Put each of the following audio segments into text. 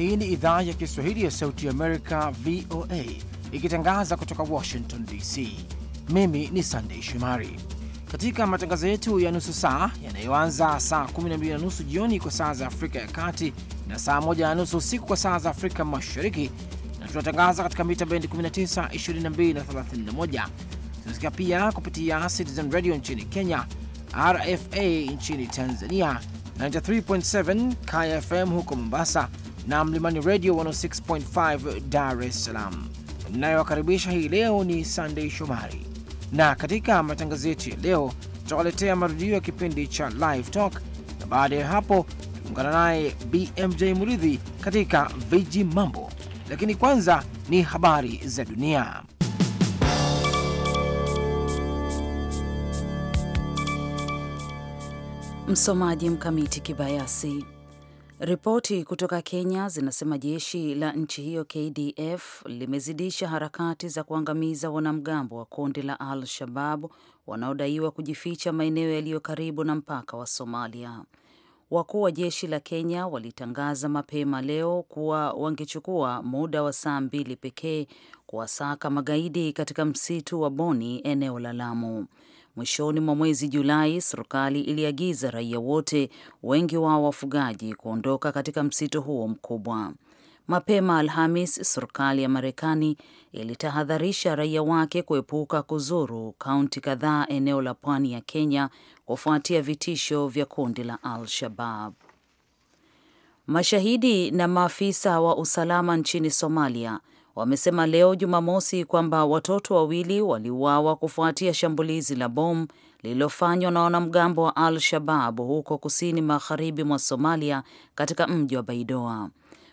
Hii ni idhaa ya Kiswahili ya Sauti Amerika, VOA, ikitangaza kutoka Washington DC. Mimi ni Sandei Shomari. Katika matangazo yetu ya nusu saa yanayoanza saa 12 na nusu jioni kwa saa za Afrika ya Kati na saa 1 na nusu usiku kwa saa za Afrika Mashariki, na tunatangaza katika mita bendi 19, 22 na 31. Tunasikia pia kupitia Citizen Radio nchini Kenya, RFA nchini Tanzania, 93.7 KFM huko Mombasa na Mlimani Radio 106.5 Dar es Salaam. Ninayowakaribisha hii leo ni Sunday Shomari, na katika matangazo yetu ya leo tutawaletea marudio ya kipindi cha Live Talk, na baada ya hapo tuungana naye BMJ Muridhi katika Viji Mambo, lakini kwanza ni habari za dunia. Msomaji Mkamiti Kibayasi. Ripoti kutoka Kenya zinasema jeshi la nchi hiyo KDF limezidisha harakati za kuangamiza wanamgambo wa kundi la Al Shabab wanaodaiwa kujificha maeneo yaliyo karibu na mpaka wa Somalia. Wakuu wa jeshi la Kenya walitangaza mapema leo kuwa wangechukua muda wa saa mbili pekee kuwasaka magaidi katika msitu wa Boni, eneo la Lamu. Mwishoni mwa mwezi Julai, serikali iliagiza raia wote, wengi wao wafugaji, kuondoka katika msitu huo mkubwa. Mapema Alhamis, serikali ya Marekani ilitahadharisha raia wake kuepuka kuzuru kaunti kadhaa eneo la pwani ya Kenya kufuatia vitisho vya kundi la Al-Shabab. Mashahidi na maafisa wa usalama nchini Somalia wamesema leo Jumamosi kwamba watoto wawili waliuawa kufuatia shambulizi la bomu lililofanywa na wanamgambo wa Al Shabab huko kusini magharibi mwa Somalia, katika mji wa Baidoa.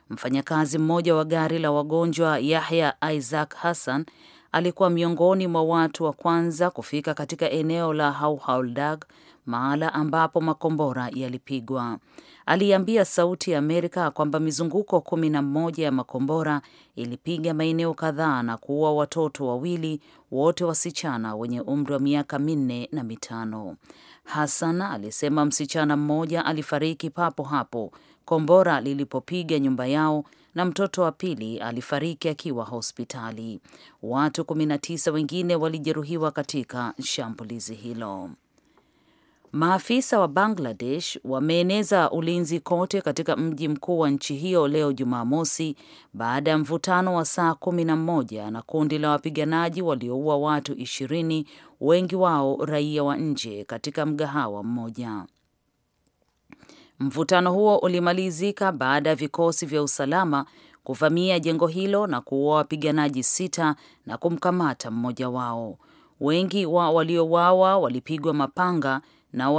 Mfanyakazi mmoja wa gari la wagonjwa Yahya Isaac Hassan alikuwa miongoni mwa watu wa kwanza kufika katika eneo la hauhauldag mahala ambapo makombora yalipigwa. Aliambia Sauti ya Amerika kwamba mizunguko kumi na mmoja ya makombora ilipiga maeneo kadhaa na kuua watoto wawili, wote wasichana wenye umri wa miaka minne na mitano. Hassan alisema msichana mmoja alifariki papo hapo kombora lilipopiga nyumba yao na mtoto wa pili alifariki akiwa hospitali. Watu 19 wengine walijeruhiwa katika shambulizi hilo. Maafisa wa Bangladesh wameeneza ulinzi kote katika mji mkuu wa nchi hiyo leo Jumamosi baada ya mvutano wa saa kumi na moja na kundi la wapiganaji walioua watu ishirini, wengi wao raia wa nje katika mgahawa mmoja. Mvutano huo ulimalizika baada ya vikosi vya usalama kuvamia jengo hilo na kuua wapiganaji sita na kumkamata mmoja wao. Wengi wa waliowawa walipigwa mapanga na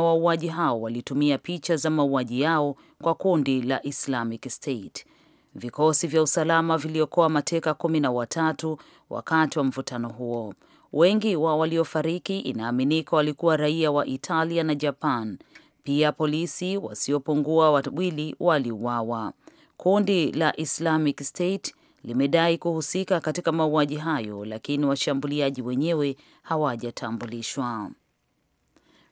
wauaji hao walitumia picha za mauaji yao kwa kundi la Islamic State. Vikosi vya usalama viliokoa mateka kumi na watatu wakati wa mvutano huo. Wengi wa waliofariki inaaminika walikuwa raia wa Italia na Japan. Pia polisi wasiopungua wawili waliuawa. Kundi la Islamic State limedai kuhusika katika mauaji hayo, lakini washambuliaji wenyewe hawajatambulishwa.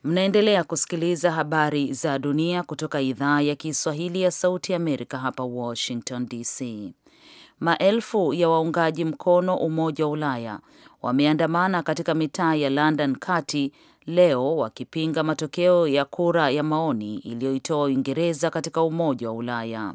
Mnaendelea kusikiliza habari za dunia kutoka idhaa ya Kiswahili ya Sauti Amerika hapa Washington DC. Maelfu ya waungaji mkono Umoja wa Ulaya wameandamana katika mitaa ya London kati leo wakipinga matokeo ya kura ya maoni iliyoitoa Uingereza katika Umoja wa Ulaya.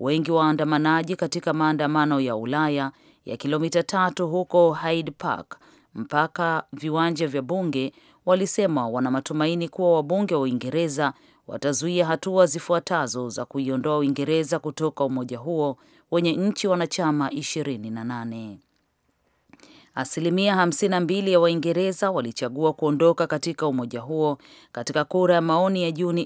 Wengi waandamanaji katika maandamano ya Ulaya ya kilomita tatu huko Hyde Park mpaka viwanja vya bunge walisema wana matumaini kuwa wabunge wa Uingereza watazuia hatua zifuatazo za kuiondoa Uingereza kutoka umoja huo wenye nchi wanachama 28. Asilimia 52 ya Waingereza walichagua kuondoka katika umoja huo katika kura ya maoni ya Juni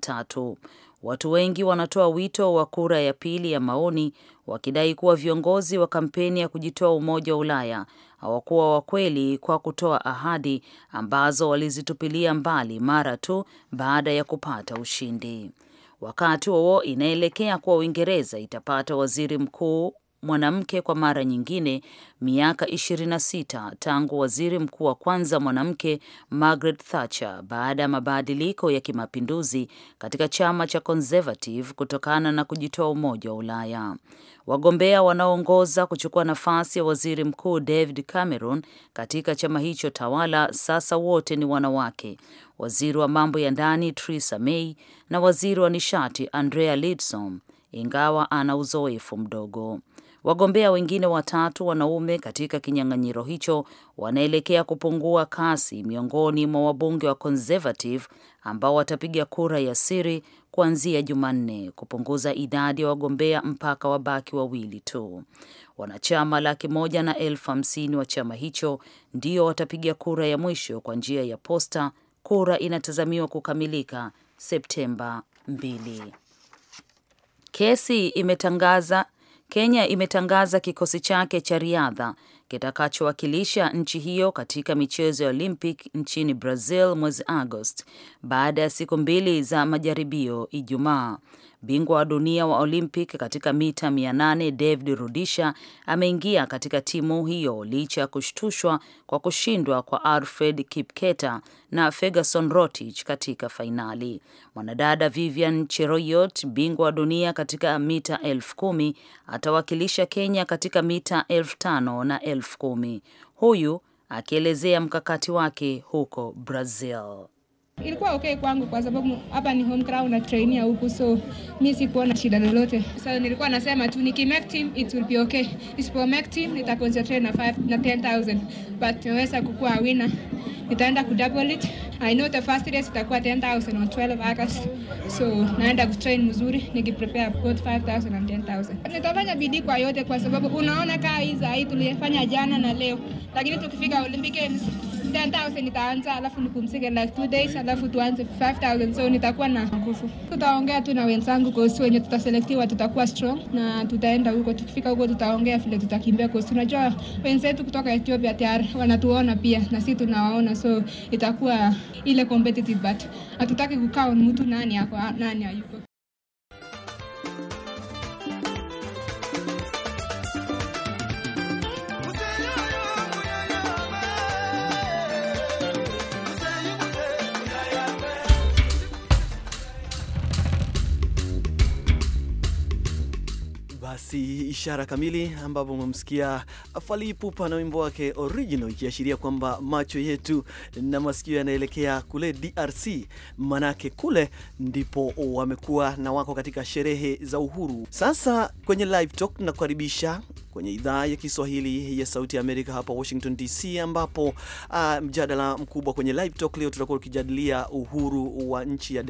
tatu Watu wengi wanatoa wito wa kura ya pili ya maoni wakidai kuwa viongozi wa kampeni ya kujitoa Umoja wa Ulaya hawakuwa wakweli kwa kutoa ahadi ambazo walizitupilia mbali mara tu baada ya kupata ushindi. Wakati huo inaelekea kuwa Uingereza itapata waziri mkuu mwanamke kwa mara nyingine miaka 26 tangu waziri mkuu wa kwanza mwanamke Margaret Thatcher baada ya mabadiliko ya kimapinduzi katika chama cha Conservative kutokana na kujitoa Umoja wa Ulaya. Wagombea wanaoongoza kuchukua nafasi ya waziri mkuu David Cameron katika chama hicho tawala sasa wote ni wanawake: waziri wa mambo ya ndani Theresa May na waziri wa nishati Andrea Leadsom, ingawa ana uzoefu mdogo. Wagombea wengine watatu wanaume katika kinyang'anyiro hicho wanaelekea kupungua kasi miongoni mwa wabunge wa Conservative ambao watapiga kura ya siri kuanzia Jumanne kupunguza idadi ya wagombea mpaka wabaki wawili tu. Wanachama laki moja na elfu hamsini wa chama hicho ndio watapiga kura ya mwisho kwa njia ya posta. Kura inatazamiwa kukamilika Septemba 2. Kesi imetangaza Kenya imetangaza kikosi chake cha riadha kitakachowakilisha nchi hiyo katika michezo ya Olympic nchini Brazil mwezi Agosti baada ya siku mbili za majaribio Ijumaa. Bingwa wa dunia wa Olympic katika mita 800 David Rudisha ameingia katika timu hiyo licha ya kushtushwa kwa kushindwa kwa Alfred Kipketa na Ferguson Rotich katika fainali. Mwanadada Vivian Cheroyot, bingwa wa dunia katika mita elfu atawakilisha Kenya katika mita 5 na elfu huyu akielezea mkakati wake huko Brazil. Ilikuwa okay kwangu kwa sababu hapa ni home crowd na trainia huku, so mi sikuona shida lolote. So nilikuwa nasema tu niki make team it will be okay, isipo make team nita concentrate na 5 na 10000 but naweza kukuwa winner, nitaenda ku double it. I know the first race itakuwa 10000 on 12 August, so naenda ku train mzuri niki prepare both 5000 and 10000. Nitafanya bidii kwa yote, kwa sababu unaona kaa hizi hii tuliyofanya jana na leo, lakini tukifika olympic games 10,000 nitaanza, alafu nipumzike like two days, alafu tuanze 5,000. So nitakuwa na nguvu. Tutaongea tu na wenzangu kuhusu wenye tutaselektiwa, tutakuwa strong na tutaenda huko. Tukifika huko, tutaongea vile tutakimbia kuhusu, unajua wenzetu kutoka Ethiopia tayari wanatuona pia na si tunawaona, so itakuwa ile competitive, but hatutaki kukaa mtu nani ako nani hayuko basi ishara kamili, ambapo umemsikia Fally Ipupa na wimbo wake original, ikiashiria kwamba macho yetu na masikio yanaelekea kule DRC, manake kule ndipo wamekuwa na wako katika sherehe za uhuru. Sasa kwenye live talk kwenye idhaa ya Kiswahili ya Sauti ya Amerika hapa Washington DC, ambapo uh, mjadala mkubwa kwenye live talk leo tutakuwa tukijadilia uhuru wa nchi ya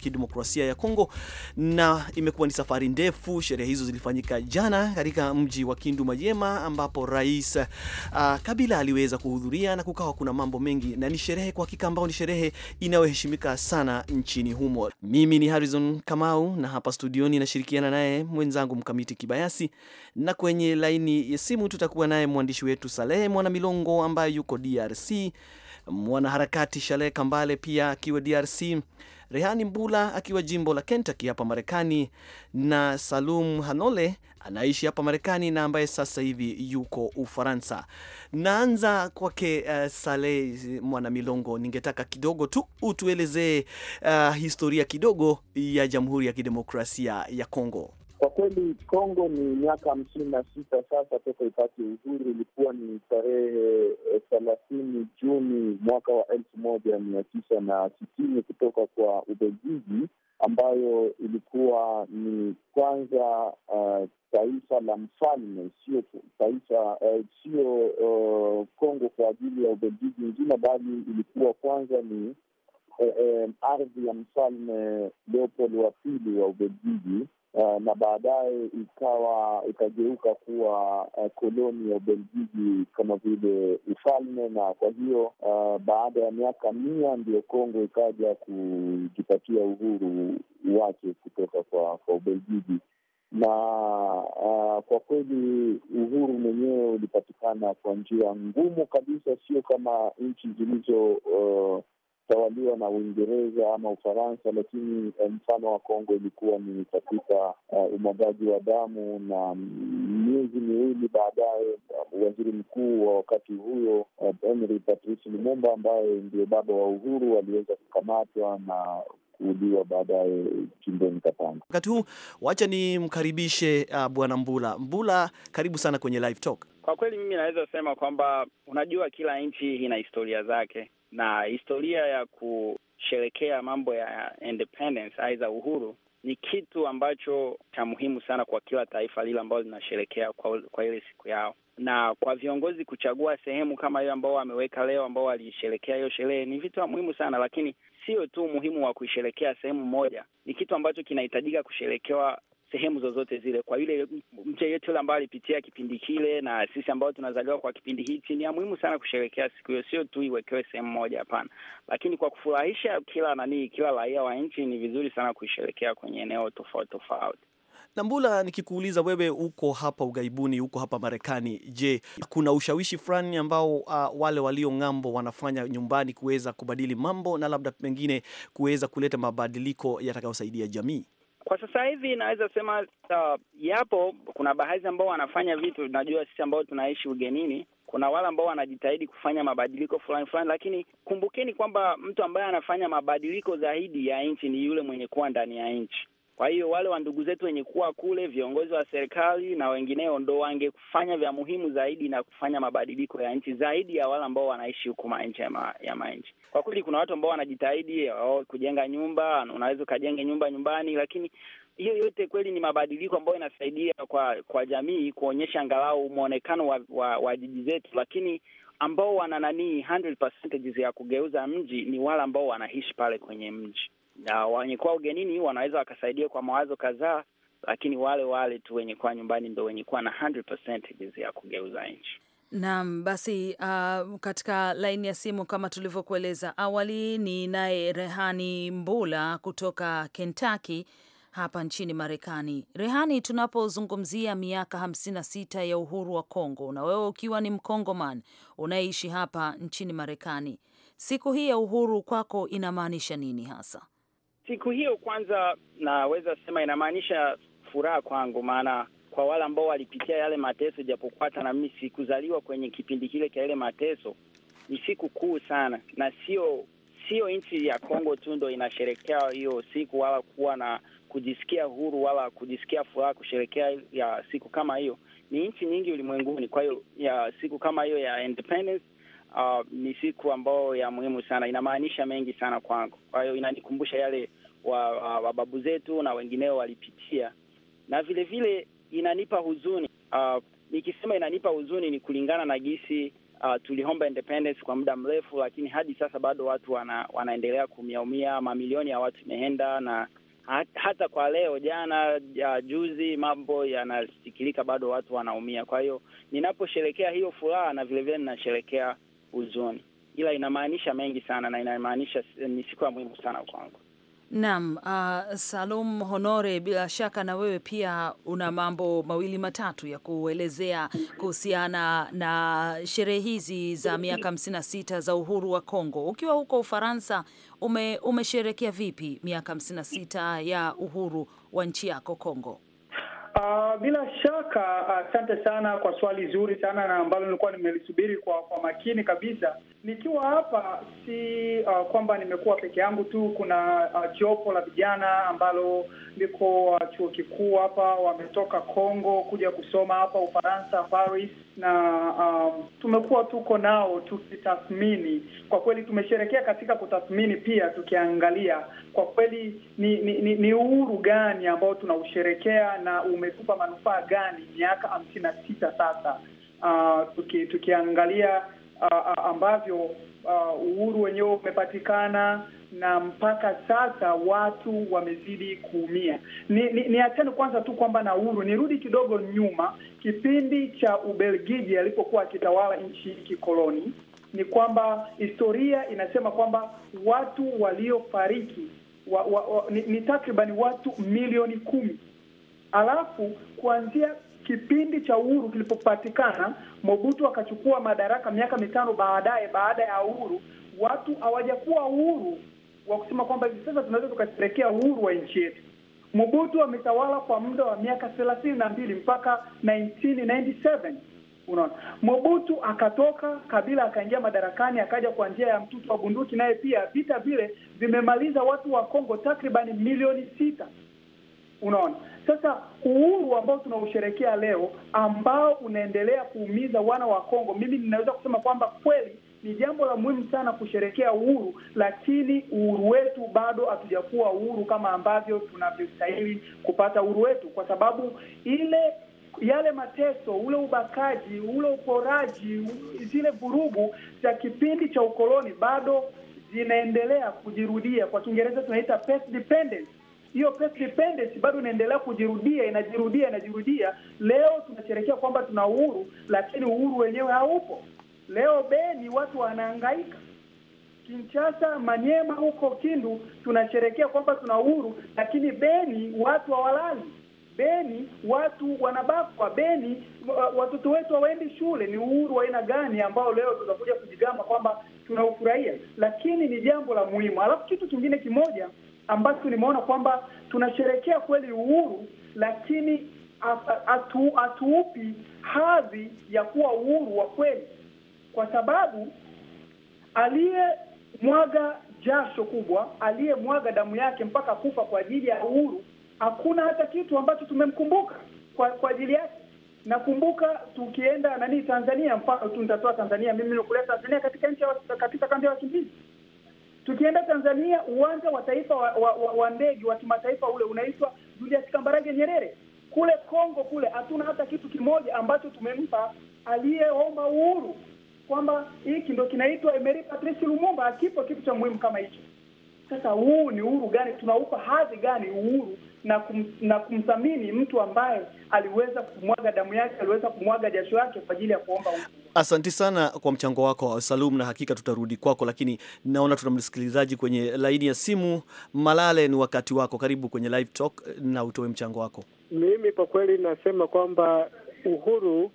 kidemokrasia ya Kongo, na imekuwa ni safari ndefu. Sherehe hizo zilifanyika jana katika mji wa Kindu Majema, ambapo rais uh, Kabila aliweza kuhudhuria na kukawa kuna mambo mengi, na ni sherehe kwa hakika ambayo ni sherehe inayoheshimika sana nchini humo. Mimi ni Harrison Kamau na hapa studioni nashirikiana naye mwenzangu Mkamiti Kibayasi na kwenye laini ya simu tutakuwa naye mwandishi wetu Salehe Mwana Milongo ambaye yuko DRC, mwanaharakati Shale Kambale pia akiwa DRC, Rehani Mbula akiwa jimbo la Kentucky hapa Marekani, na Salum Hanole anaishi hapa Marekani na ambaye sasa hivi yuko Ufaransa. Naanza kwake uh, eh, Sale Mwana Milongo, ningetaka kidogo tu utuelezee uh, historia kidogo ya Jamhuri ya Kidemokrasia ya Kongo. Kwa kweli Kongo ni miaka hamsini na sita sasa toka ipate uhuru. Ilikuwa ni tarehe eh, thelathini Juni mwaka wa elfu moja mia tisa na sitini kutoka kwa Ubelgiji, ambayo ilikuwa ni kwanza uh, taifa la mfalme, sio taifa eh, sio uh, Kongo kwa ajili ya Ubelgiji nzima, bali ilikuwa kwanza ni uh, eh, ardhi ya mfalme Leopold wa pili wa Ubelgiji. Uh, na baadaye ikawa ikageuka kuwa uh, koloni ya Ubelgiji kama vile ufalme, na kwa hiyo uh, baada ya miaka mia ndiyo Kongo ikaja kujipatia uhuru wake kutoka kwa, kwa Ubelgiji na uh, kwa kweli uhuru mwenyewe ulipatikana kwa njia ngumu kabisa, sio kama nchi zilizo uh, tawaliwa na Uingereza ama Ufaransa, lakini eh, mfano wa Kongo ilikuwa ni katika uh, umwagaji wa damu, na mm, miezi miwili baadaye eh, waziri mkuu wa wakati huyo uh, Emery Patrice Lumumba ambaye ndio baba wa uhuru aliweza kukamatwa na kuuliwa baadaye kimbeni Katanga. Wakati huu wacha mkaribishe uh, bwana Mbula. Mbula, karibu sana kwenye live talk. Kwa kweli mimi naweza sema kwamba unajua, kila nchi ina historia zake na historia ya kusherekea mambo ya independence, aidha uhuru, ni kitu ambacho cha muhimu sana kwa kila taifa lile ambalo linasherekea kwa, kwa ile siku yao, na kwa viongozi kuchagua sehemu kama hiyo ambao wameweka leo, ambao waliisherekea hiyo sherehe, ni vitu muhimu sana, lakini sio tu umuhimu wa kuisherekea sehemu moja, ni kitu ambacho kinahitajika kusherekewa sehemu zozote zile. Kwa yule mche yetu yule ambayo alipitia kipindi kile na sisi ambao tunazaliwa kwa kipindi hichi, ni ya muhimu sana kusherekea siku hiyo, sio tu iwekewe sehemu moja, hapana, lakini kwa kufurahisha kila nani, kila raia wa nchi, ni vizuri sana kuisherekea kwenye eneo tofauti tofauti. Nambula, nikikuuliza wewe, uko hapa ughaibuni, uko hapa Marekani, je, kuna ushawishi fulani ambao uh, wale walio ng'ambo wanafanya nyumbani kuweza kubadili mambo na labda pengine kuweza kuleta mabadiliko yatakayosaidia jamii? Kwa sasa hivi naweza sema uh, yapo. Kuna baadhi ambao wanafanya vitu, najua sisi ambao tunaishi ugenini, kuna wale ambao wanajitahidi kufanya mabadiliko fulani fulani, lakini kumbukeni kwamba mtu ambaye anafanya mabadiliko zaidi ya nchi ni yule mwenye kuwa ndani ya nchi. Kwa hiyo wale wa ndugu zetu wenye kuwa kule, viongozi wa serikali na wengineo, ndo wangefanya vya muhimu zaidi na kufanya mabadiliko ya nchi zaidi ya wale ambao wanaishi huku manchi ya manchi. Kwa kweli, kuna watu ambao wanajitahidi oh, kujenga nyumba, unaweza ukajenge nyumba nyumbani, lakini hiyo yote kweli ni mabadiliko ambayo inasaidia kwa kwa jamii kuonyesha angalau mwonekano wa, wa, wa jiji zetu, lakini ambao wana nanii 100% ya kugeuza mji ni wale ambao wanaishi pale kwenye mji na wenye kuwa ugenini wanaweza wakasaidia kwa mawazo kadhaa, lakini wale wale tu wenye kuwa nyumbani ndo wenye kuwa na 100% jinsi ya kugeuza nchi. Naam, basi uh, katika laini ya simu kama tulivyokueleza awali ni naye Rehani Mbula kutoka Kentucky hapa nchini Marekani. Rehani, tunapozungumzia miaka hamsini na sita ya uhuru wa Kongo na wewe ukiwa ni Mkongoman unayeishi hapa nchini Marekani, siku hii ya uhuru kwako inamaanisha nini hasa? Siku hiyo kwanza, naweza sema inamaanisha furaha kwangu, maana kwa wale ambao walipitia yale mateso, japokuwa hata na mimi sikuzaliwa kwenye kipindi kile cha yale mateso, ni siku kuu sana, na sio sio nchi ya Kongo tu ndo inasherekea hiyo siku, wala kuwa na kujisikia huru wala kujisikia furaha kusherekea ya siku kama hiyo. Ni nchi nyingi ulimwenguni, kwa hiyo ya siku kama hiyo ya independence uh, ni siku ambayo ya muhimu sana, inamaanisha mengi sana kwangu. Kwa hiyo inanikumbusha yale uh, wababu wa, wa zetu na wengineo walipitia, na vile vile inanipa huzuni uh, nikisema inanipa huzuni ni kulingana na gisi uh, tuliomba independence kwa muda mrefu, lakini hadi sasa bado watu wana, wanaendelea kuumiaumia. Mamilioni ya watu imeenda na hata kwa leo jana ya juzi mambo yanasikilika, bado watu wanaumia. Kwa hiyo ninaposherekea hiyo furaha na vilevile ninasherekea huzuni, ila inamaanisha mengi sana na inamaanisha ni siku ya muhimu sana kwangu. Naam, uh, Salum Honore, bila shaka na wewe pia una mambo mawili matatu ya kuelezea kuhusiana na sherehe hizi za miaka sita za uhuru wa Kongo. Ukiwa huko Ufaransa, ume, vipi miaka sita ya uhuru wa nchi yako Kongo? Uh, bila shaka asante uh, sana kwa swali zuri sana na ambalo nilikuwa nimelisubiri kwa kwa makini kabisa. Nikiwa hapa si uh, kwamba nimekuwa peke yangu tu, kuna uh, jopo la vijana ambalo niko wa chuo kikuu hapa, wametoka Kongo kuja kusoma hapa Ufaransa, Paris, na um, tumekuwa tuko nao tukitathmini. Kwa kweli tumesherekea katika kutathmini, pia tukiangalia kwa kweli ni, ni, ni, ni uhuru gani ambao tunausherekea na umetupa manufaa gani miaka hamsini na sita sasa, uh, tuki, tukiangalia uh, uh ambavyo uh, uhuru wenyewe umepatikana na mpaka sasa watu wamezidi kuumia. Ni, ni, ni kwanza tu kwamba na uhuru, nirudi kidogo nyuma, kipindi cha Ubelgiji alipokuwa akitawala nchi kikoloni, ni kwamba historia inasema kwamba watu waliofariki wa, wa, wa, ni, ni takriban watu milioni kumi. Alafu kuanzia kipindi cha uhuru kilipopatikana, Mobutu akachukua madaraka miaka mitano baadaye, baada ya uhuru watu hawajakuwa uhuru wa kusema kwamba hivi sasa tunaweza tukasherekea uhuru wa nchi yetu. Mobutu ametawala kwa muda wa miaka thelathini na mbili mpaka 1997 unaona. Mobutu akatoka, Kabila akaingia madarakani, akaja kwa njia ya mtutu wa bunduki, naye pia vita vile vimemaliza watu wa Kongo takriban milioni sita. Unaona, sasa uhuru ambao tunausherekea leo ambao unaendelea kuumiza wana wa Kongo, mimi ninaweza kusema kwamba kweli ni jambo la muhimu sana kusherekea uhuru, lakini uhuru wetu bado hatujakuwa uhuru kama ambavyo tunavyostahili kupata uhuru wetu, kwa sababu ile yale mateso, ule ubakaji, ule uporaji, zile vurugu za kipindi cha ukoloni bado zinaendelea kujirudia. Kwa Kiingereza tunaita dependence. Hiyo dependence bado inaendelea kujirudia, inajirudia, inajirudia. Leo tunasherekea kwamba tuna uhuru, lakini uhuru wenyewe haupo. Leo Beni watu wanahangaika, Kinshasa, Manyema, huko Kindu tunasherekea kwamba tuna uhuru, lakini Beni watu hawalali. Beni watu wanabakwa. Beni watoto wetu hawaendi shule. Ni uhuru wa aina gani ambao leo tunakuja kujigamba kwamba tunaufurahia? Lakini ni jambo la muhimu. Alafu kitu kingine kimoja ambacho nimeona kwamba tunasherekea kweli uhuru, lakini hatuupi atu, hadhi ya kuwa uhuru wa kweli kwa sababu aliyemwaga jasho kubwa, aliyemwaga damu yake mpaka kufa kwa ajili ya uhuru, hakuna hata kitu ambacho tumemkumbuka kwa kwa ajili yake. Nakumbuka tukienda nani Tanzania, mfano tu nitatoa Tanzania, mimi nikuleta Tanzania katika nchi katika kambi ya wakimbizi tukienda Tanzania, uwanja wa taifa wa, wa, wa, wa ndege wa kimataifa ule unaitwa Julius Kambarage Nyerere. Kule Kongo kule hatuna hata kitu kimoja ambacho tumempa aliyeomba uhuru kwamba hiki ndo kinaitwa Emery Patrice Lumumba, akipo kitu cha muhimu kama hicho. Sasa huu ni uhuru gani? Tunaupa hadhi gani uhuru na, kum, na kumthamini mtu ambaye aliweza kumwaga damu yake, aliweza kumwaga jasho yake kwa ajili ya kuomba uhuru. Asanti sana kwa mchango wako Salum, na hakika tutarudi kwako, lakini naona tuna msikilizaji kwenye laini ya simu. Malale, ni wakati wako, karibu kwenye live talk na utoe mchango wako. Mimi kwa kweli nasema kwamba uhuru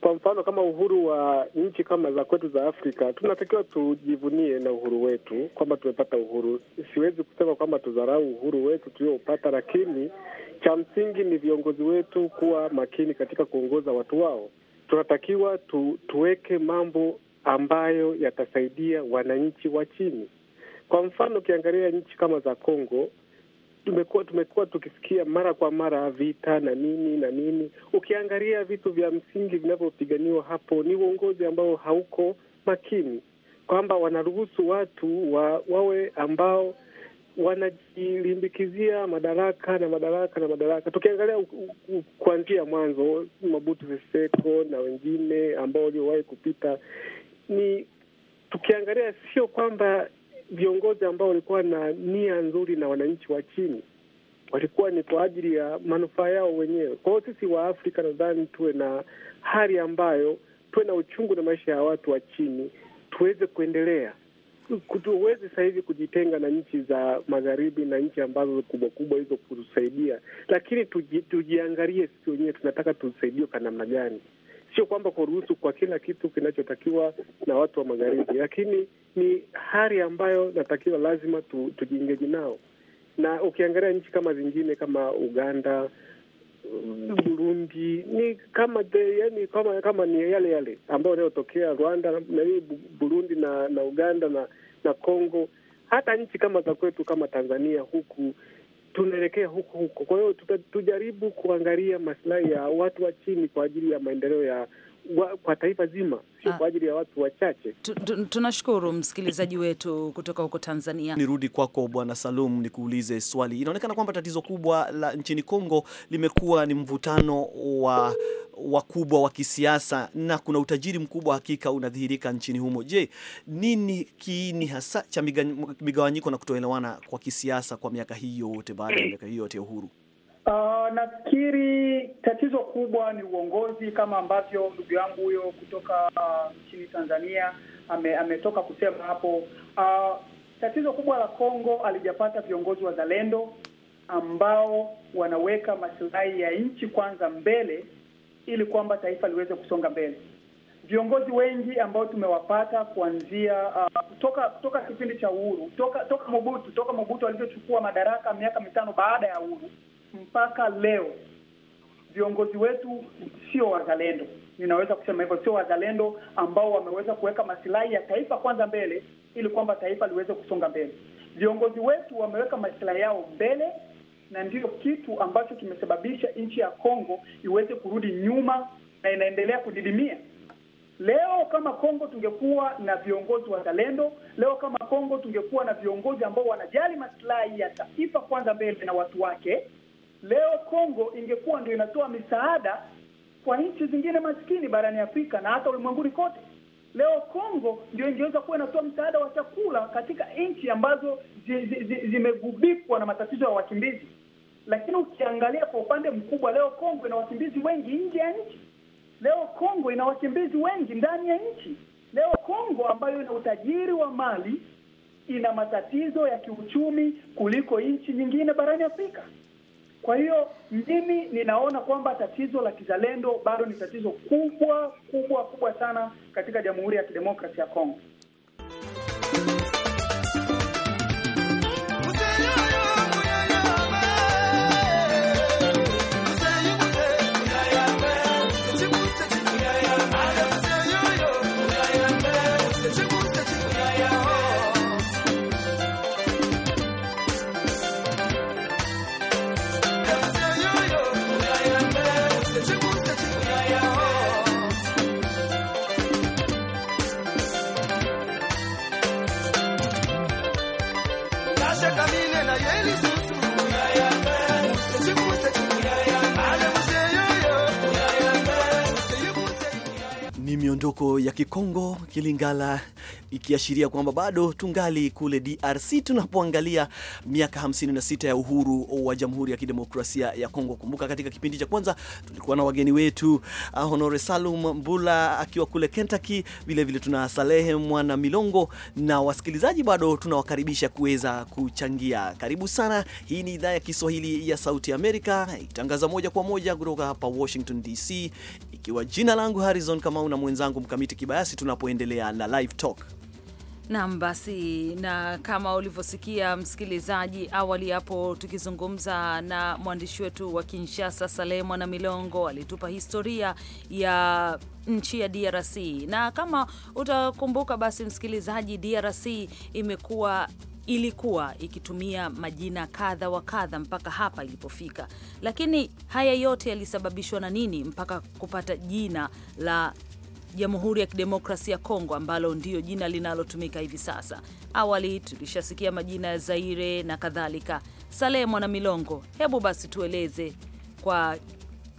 kwa mfano kama uhuru wa nchi kama za kwetu za Afrika, tunatakiwa tujivunie na uhuru wetu kwamba tumepata uhuru. Siwezi kusema kwamba tudharau uhuru wetu tuliopata lakini cha msingi ni viongozi wetu kuwa makini katika kuongoza watu wao. Tunatakiwa tu, tuweke mambo ambayo yatasaidia wananchi wa chini. Kwa mfano ukiangalia nchi kama za Kongo tumekuwa tumekuwa tukisikia mara kwa mara vita na nini na nini. Ukiangalia vitu vya msingi vinavyopiganiwa hapo ni uongozi ambao hauko makini, kwamba wanaruhusu watu wa, wawe ambao wanajilimbikizia madaraka na madaraka na madaraka. Tukiangalia kuanzia mwanzo, Mobutu Seseko na wengine ambao waliowahi kupita, ni tukiangalia sio kwamba viongozi ambao walikuwa na nia nzuri na wananchi wa chini, walikuwa ni kwa ajili ya manufaa yao wenyewe. Kwa hiyo sisi wa Afrika nadhani tuwe na hali ambayo tuwe na uchungu na maisha ya watu wa chini, tuweze kuendelea tuwezi sasa hivi kujitenga na nchi za magharibi na nchi ambazo kubwa kubwa hizo kutusaidia, lakini tuji, tujiangalie sisi wenyewe tunataka tusaidiwe kwa namna gani sio kwamba kuruhusu kwa kila kitu kinachotakiwa na watu wa magharibi, lakini ni hali ambayo natakiwa lazima tu, tujiingeji nao, na ukiangalia nchi kama zingine kama Uganda mm, Burundi ni kama de, yani kama kama ni yale yale ambayo yanayotokea Rwanda na hii Burundi na na Uganda na na Congo, hata nchi kama za kwetu kama Tanzania huku tunaelekea huko huko. Kwa hiyo tujaribu kuangalia masilahi ya watu wa chini kwa ajili ya maendeleo ya kwa taifa zima, sio ah. kwa ajili ya watu wachache. Tunashukuru msikilizaji wetu kutoka huko Tanzania. Nirudi kwako Bwana Salum, nikuulize swali. Inaonekana kwamba tatizo kubwa la nchini Kongo limekuwa ni mvutano wa wakubwa wa kisiasa na kuna utajiri mkubwa hakika unadhihirika nchini humo. Je, nini kiini hasa cha migawanyiko na kutoelewana kwa kisiasa kwa miaka hii yote baada ya miaka hii yote ya uhuru? Uh, nafikiri tatizo kubwa ni uongozi, kama ambavyo ndugu yangu huyo kutoka ah, nchini uh, Tanzania ame, ametoka kusema hapo. Uh, tatizo kubwa la Kongo alijapata viongozi wazalendo ambao wanaweka masilahi ya nchi kwanza mbele, ili kwamba taifa liweze kusonga mbele. Viongozi wengi ambao tumewapata kuanzia uh, kutoka kutoka kipindi cha uhuru, toka toka Mobutu, toka Mobutu alivyochukua madaraka miaka mitano baada ya uhuru mpaka leo viongozi wetu sio wazalendo, ninaweza kusema hivyo, sio wazalendo ambao wameweza kuweka masilahi ya taifa kwanza mbele, ili kwamba taifa liweze kusonga mbele. Viongozi wetu wameweka masilahi yao mbele, na ndiyo kitu ambacho kimesababisha nchi ya Kongo iweze kurudi nyuma na inaendelea kudidimia. Leo kama Kongo tungekuwa na viongozi wazalendo, leo kama Kongo tungekuwa na viongozi ambao wanajali masilahi ya taifa kwanza mbele na watu wake Leo Kongo ingekuwa ndio inatoa misaada kwa nchi zingine maskini barani Afrika na hata ulimwenguni kote. Leo Kongo ndio ingeweza kuwa inatoa msaada wa chakula katika nchi ambazo zimegubikwa na matatizo ya wakimbizi, lakini ukiangalia kwa upande mkubwa, leo Kongo ina wakimbizi wengi nje ya nchi. Leo Kongo ina wakimbizi wengi ndani ya nchi. Leo Kongo ambayo ina utajiri wa mali ina matatizo ya kiuchumi kuliko nchi nyingine barani Afrika. Kwa hiyo mimi ninaona kwamba tatizo la kizalendo bado ni tatizo kubwa kubwa kubwa sana katika Jamhuri ya Kidemokrasia ya Kongo. miondoko ya Kikongo Kilingala, ikiashiria kwamba bado tungali kule DRC tunapoangalia miaka 56 ya uhuru wa Jamhuri ya Kidemokrasia ya Kongo. Kumbuka katika kipindi cha kwanza tulikuwa na wageni wetu uh, Honore Salum Mbula akiwa kule Kentucky, vilevile tuna Salehe Mwana Milongo na wasikilizaji bado tunawakaribisha kuweza kuchangia. Karibu sana. Hii ni idhaa ya Kiswahili ya Sauti Amerika ikitangaza moja kwa moja kutoka hapa Washington DC ikiwa jina langu Harrison Kamau na mwenzangu Mkamiti Kibayasi, tunapoendelea na Live Talk. Nam basi, na kama ulivyosikia msikilizaji, awali hapo tukizungumza na mwandishi wetu wa Kinshasa Saleh Mwana Milongo alitupa historia ya nchi ya DRC, na kama utakumbuka, basi msikilizaji, DRC imekuwa ilikuwa ikitumia majina kadha wa kadha mpaka hapa ilipofika. Lakini haya yote yalisababishwa na nini mpaka kupata jina la Jamhuri ya Kidemokrasia ya Kongo ambalo ndiyo jina linalotumika hivi sasa. Awali tulishasikia majina ya Zaire na kadhalika. Salehe Mwana Milongo, hebu basi tueleze kwa,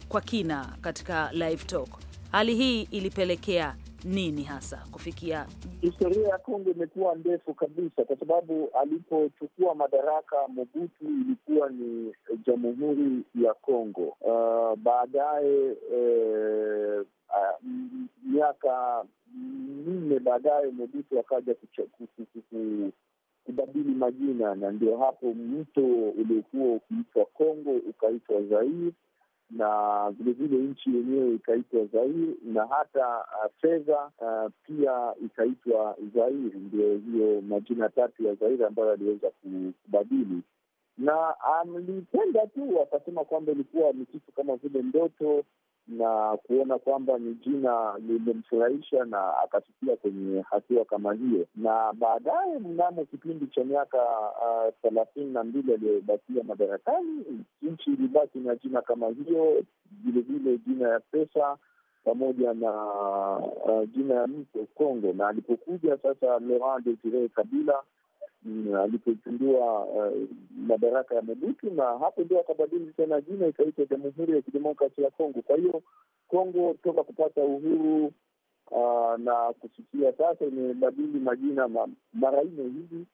kwa kina katika live talk, hali hii ilipelekea nini hasa kufikia? Historia ya Kongo imekuwa ndefu kabisa, kwa sababu alipochukua madaraka Mobutu ilikuwa ni eh, Jamhuri ya Kongo. Uh, baadaye uh, miaka minne baadaye Mobutu akaja kubadili majina, na ndio hapo mto uliokuwa ukiitwa Kongo ukaitwa zair na vilevile nchi yenyewe ikaitwa Zair na hata uh, fedha uh, pia ikaitwa Zair. Ndio hiyo majina tatu ya Zair ambayo aliweza kubadili, na alipenda um, tu akasema kwamba ilikuwa ni kitu kama vile ndoto na kuona kwamba ni jina limemfurahisha na akafikia kwenye hatua kama hiyo. Na baadaye mnamo kipindi cha miaka ah, thelathini uh, na mbili aliyobakia madarakani, nchi ilibaki na jina kama hiyo, vilevile jina ya pesa pamoja na uh, jina ya mto Kongo. Na alipokuja sasa Laurent Desire Kabila Mm, alipozindua eh, madaraka ya Mobutu, na hapo ndio akabadili tena jina ikaitwa Jamhuri ya Kidemokrasi ya Kongo. Kwa hiyo Kongo toka kupata uhuru uh, na kufikia sasa imebadili majina ma, mara nne hivi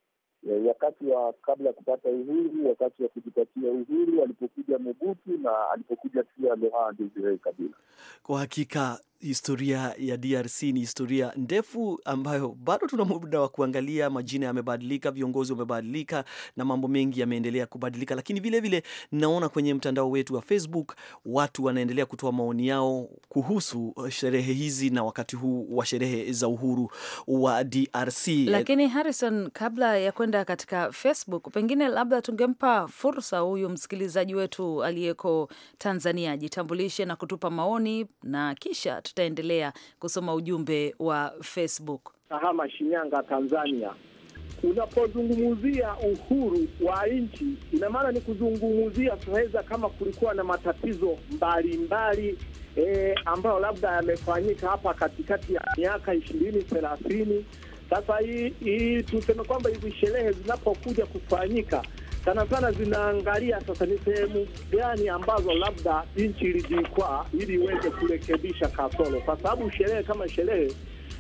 eh, wakati wa kabla ya kupata uhuru, wakati wa kujipatia uhuru, alipokuja Mobutu na alipokuja pia Laurent Desire Kabila. Kwa hakika historia ya DRC ni historia ndefu ambayo bado tuna muda wa kuangalia. Majina yamebadilika, viongozi wamebadilika, na mambo mengi yameendelea kubadilika, lakini vilevile naona kwenye mtandao wetu wa Facebook watu wanaendelea kutoa maoni yao kuhusu uh, sherehe hizi na wakati huu wa sherehe za uhuru wa DRC. Lakini Harrison, kabla ya kwenda katika Facebook, pengine labda tungempa fursa huyu msikilizaji wetu aliyeko Tanzania ajitambulishe na kutupa maoni na kisha tutaendelea kusoma ujumbe wa Facebook. Kahama, Shinyanga, Tanzania. Unapozungumzia uhuru wa nchi, ina maana ni kuzungumzia tunaweza kama kulikuwa na matatizo mbalimbali e, ambayo labda yamefanyika hapa katikati ya miaka ishirini thelathini. Sasa hii hii tuseme kwamba hizi sherehe zinapokuja kufanyika sana sana zinaangalia sasa ni sehemu gani ambazo labda nchi ilijikwaa ili iweze kurekebisha kasoro, kwa sababu sherehe kama sherehe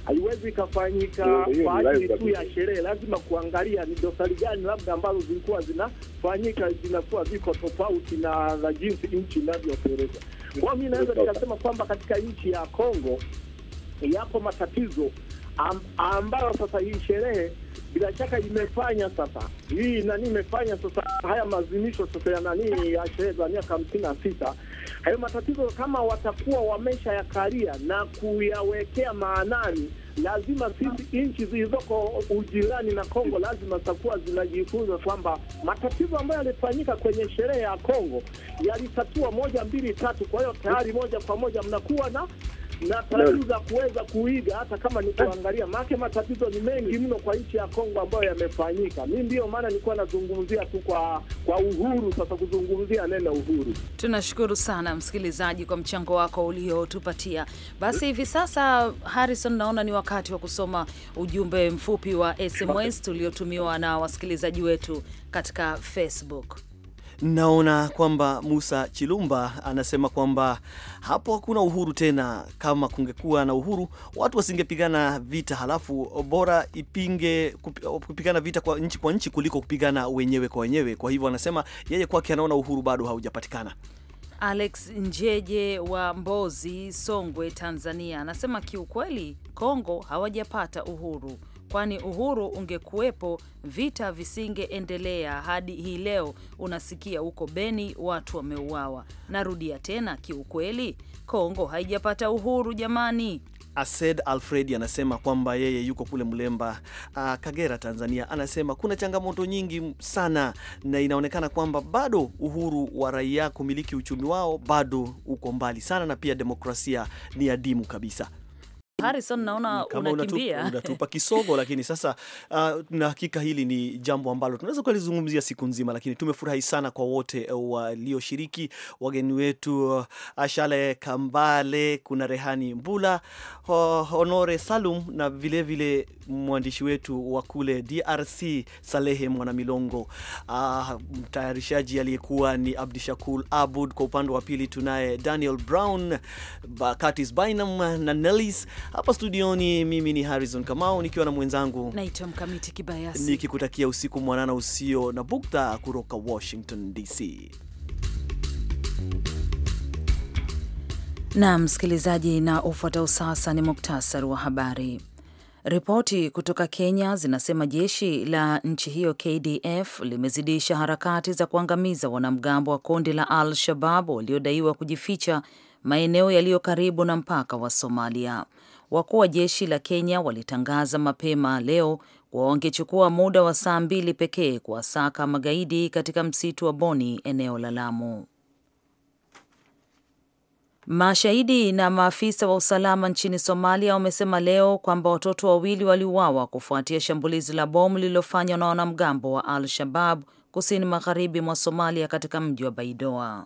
haiwezi ikafanyika kwa ajili tu ya sherehe. Lazima kuangalia ni dosari gani labda ambazo zilikuwa zinafanyika zinakuwa ziko tofauti na za jinsi nchi inavyopeleka. kwao mi naweza nikasema kwamba katika nchi ya Kongo yapo matatizo Am, ambayo sasa hii sherehe bila shaka imefanya sasa hii nani imefanya sasa haya maazimisho sasa ya nani ya sherehe za miaka hamsini na sita hayo matatizo kama watakuwa wamesha yakalia na kuyawekea maanani, lazima sisi nchi zilizoko ujirani na Kongo lazima zitakuwa zinajifunza kwamba matatizo ambayo yalifanyika kwenye sherehe ya Kongo yalitatua moja mbili tatu. Kwa hiyo tayari moja kwa moja mnakuwa na na taratibu za kuweza kuiga hata kama ni kuangalia, maake matatizo ni mengi mno kwa nchi ya Kongo ambayo yamefanyika. Mi ndiyo maana nilikuwa nazungumzia tu kwa kwa uhuru, sasa kuzungumzia neno uhuru. Tunashukuru sana msikilizaji kwa mchango wako uliotupatia. Basi hivi sasa, Harrison, naona ni wakati wa kusoma ujumbe mfupi wa SMS tuliotumiwa na wasikilizaji wetu katika Facebook. Naona kwamba Musa Chilumba anasema kwamba hapo hakuna uhuru tena. Kama kungekuwa na uhuru, watu wasingepigana vita, halafu bora ipinge kupigana vita kwa nchi kwa nchi kuliko kupigana wenyewe kwa wenyewe. Kwa hivyo, anasema yeye kwake anaona uhuru bado haujapatikana. Alex Njeje wa Mbozi, Songwe, Tanzania anasema kiukweli, Kongo hawajapata uhuru kwani uhuru ungekuwepo vita visingeendelea hadi hii leo. Unasikia huko Beni watu wameuawa. Narudia tena, kiukweli Kongo haijapata uhuru jamani. Ased Alfredi anasema kwamba yeye yuko kule Mlemba, uh, Kagera, Tanzania. Anasema kuna changamoto nyingi sana, na inaonekana kwamba bado uhuru wa raia kumiliki uchumi wao bado uko mbali sana, na pia demokrasia ni adimu kabisa. Harrison, naona kama unakimbia, unatupa kisogo lakini sasa uh, na hakika hili ni jambo ambalo tunaweza kulizungumzia siku nzima, lakini tumefurahi sana kwa wote eh, walioshiriki, wageni wetu Ashale ah, Kambale, kuna Rehani Mbula, Honore Salum na vilevile mwandishi wetu wa kule DRC Salehe Mwanamilongo, uh, mtayarishaji aliyekuwa ni Abdishakur Abud, kwa upande wa pili tunaye Daniel Brown, Curtis Bynum na Nellis hapa studioni mimi ni Harrison Kamau nikiwa na mwenzangu naitwa Mkamiti Kibayasi nikikutakia usiku mwanana usio na bukta kutoka Washington DC. Na msikilizaji, na ufuatao sasa ni muktasari wa habari. Ripoti kutoka Kenya zinasema jeshi la nchi hiyo KDF limezidisha harakati za kuangamiza wanamgambo wa kundi la Al Shabab waliodaiwa kujificha maeneo yaliyo karibu na mpaka wa Somalia wakuu wa jeshi la Kenya walitangaza mapema leo kuwa wangechukua muda wa saa mbili pekee kuwasaka magaidi katika msitu wa Boni, eneo la Lamu. Mashahidi na maafisa wa usalama nchini Somalia wamesema leo kwamba watoto wawili waliuawa kufuatia shambulizi la bomu lililofanywa na wanamgambo wa Al Shabab kusini magharibi mwa Somalia katika mji wa Baidoa.